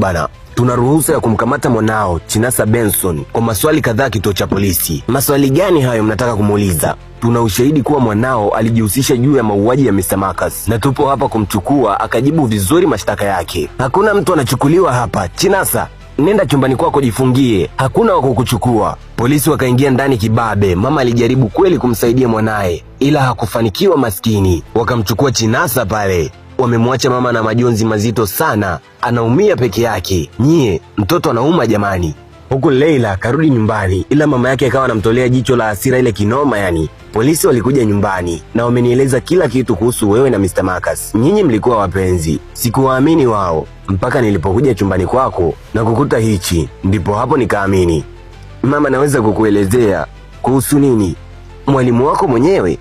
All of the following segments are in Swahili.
Bana, tuna ruhusa ya kumkamata mwanao Chinasa Benson kwa maswali kadhaa kituo cha polisi. Maswali gani hayo mnataka kumuuliza? Tuna ushahidi kuwa mwanao alijihusisha juu ya mauaji ya Mr. Marcus na tupo hapa kumchukua akajibu vizuri mashtaka yake. Hakuna mtu anachukuliwa hapa. Chinasa, nenda chumbani kwako jifungie, hakuna wa kukuchukua. Polisi wakaingia ndani kibabe. Mama alijaribu kweli kumsaidia mwanaye, ila hakufanikiwa maskini. Wakamchukua Chinasa pale wamemwacha mama na majonzi mazito sana, anaumia peke yake. Nyie, mtoto anauma jamani. Huku Leila karudi nyumbani, ila mama yake akawa anamtolea jicho la hasira ile kinoma. Yani polisi walikuja nyumbani na wamenieleza kila kitu kuhusu wewe na Mr. Marcus. Nyinyi mlikuwa wapenzi, sikuwaamini wao mpaka nilipokuja chumbani kwako na kukuta hichi, ndipo hapo nikaamini. Mama, naweza kukuelezea kuhusu nini? Mwalimu wako mwenyewe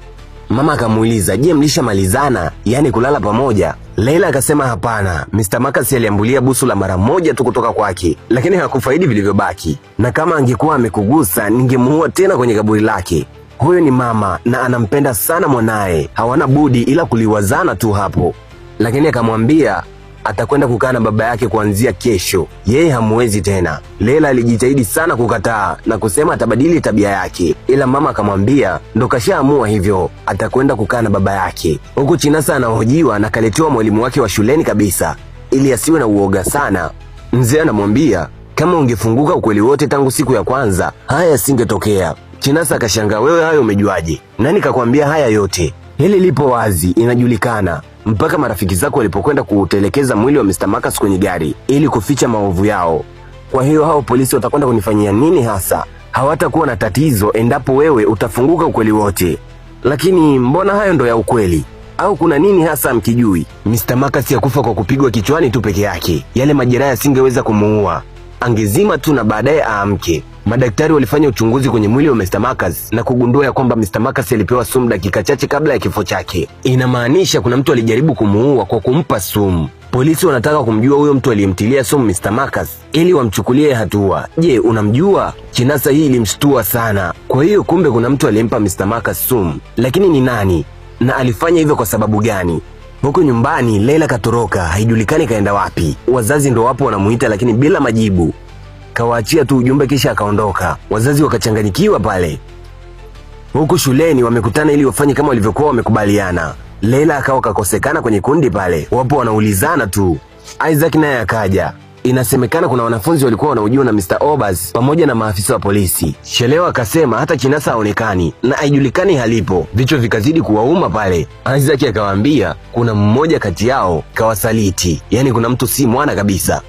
Mama akamuuliza, je, mlishamalizana yaani kulala pamoja? Leila akasema hapana, Mr. Makasi aliambulia busu la mara moja tu kutoka kwake, lakini hakufaidi vilivyobaki, na kama angekuwa amekugusa ningemuua tena kwenye kaburi lake. Huyo ni mama na anampenda sana mwanaye, hawana budi ila kuliwazana tu hapo. Lakini akamwambia atakwenda kukaa na baba yake kuanzia kesho, yeye hamwezi tena. Leila alijitahidi sana kukataa na kusema atabadili tabia yake, ila mama akamwambia ndo kashaamua hivyo, atakwenda kukaa na baba yake. Huku Chinasa anahojiwa na kaletewa mwalimu wake wa shuleni kabisa, ili asiwe na uoga sana. Mzee anamwambia kama ungefunguka ukweli wote tangu siku ya kwanza, haya yasingetokea. Chinasa akashangaa, wewe hayo umejuaje? Nani kakwambia haya yote? Hili lipo wazi, inajulikana mpaka marafiki zako walipokwenda kuutelekeza mwili wa Mr. Marcus kwenye gari ili kuficha maovu yao. Kwa hiyo hao polisi watakwenda kunifanyia nini hasa? Hawatakuwa na tatizo endapo wewe utafunguka ukweli wote. Lakini mbona hayo ndo ya ukweli? Au kuna nini hasa mkijui? Mr. Marcus yakufa kwa kupigwa kichwani tu peke yake, yale majeraha yasingeweza kumuua. Angezima tu na baadaye aamke. Madaktari walifanya uchunguzi kwenye mwili wa Mr. Marcus na kugundua ya kwamba Mr. Marcus alipewa sumu dakika chache kabla ya kifo chake. Inamaanisha kuna mtu alijaribu kumuua kwa kumpa sumu. Polisi wanataka kumjua huyo mtu aliyemtilia sumu Mr. Marcus ili wamchukulie hatua. Je, unamjua? Chinasa hii ilimshtua sana. Kwa hiyo kumbe kuna mtu aliyempa Mr. Marcus sumu, lakini ni nani na alifanya hivyo kwa sababu gani? Huko nyumbani Leila katoroka, haijulikani kaenda wapi. Wazazi ndo wapo wanamuita, lakini bila majibu kawaachia tu ujumbe kisha akaondoka. Wazazi wakachanganyikiwa pale, huku shuleni wamekutana ili wafanye kama walivyokuwa wamekubaliana. Leila akawa kakosekana kwenye kundi pale, wapo wanaulizana tu. Isaac naye akaja. Inasemekana kuna wanafunzi walikuwa wanaujiwa na Mr. Obas pamoja na maafisa wa polisi. Shelewa akasema hata Chinasa haonekani na haijulikani halipo. Vichwa vikazidi kuwauma pale. Isaac akawaambia kuna mmoja kati yao kawasaliti, yaani kuna mtu si mwana kabisa.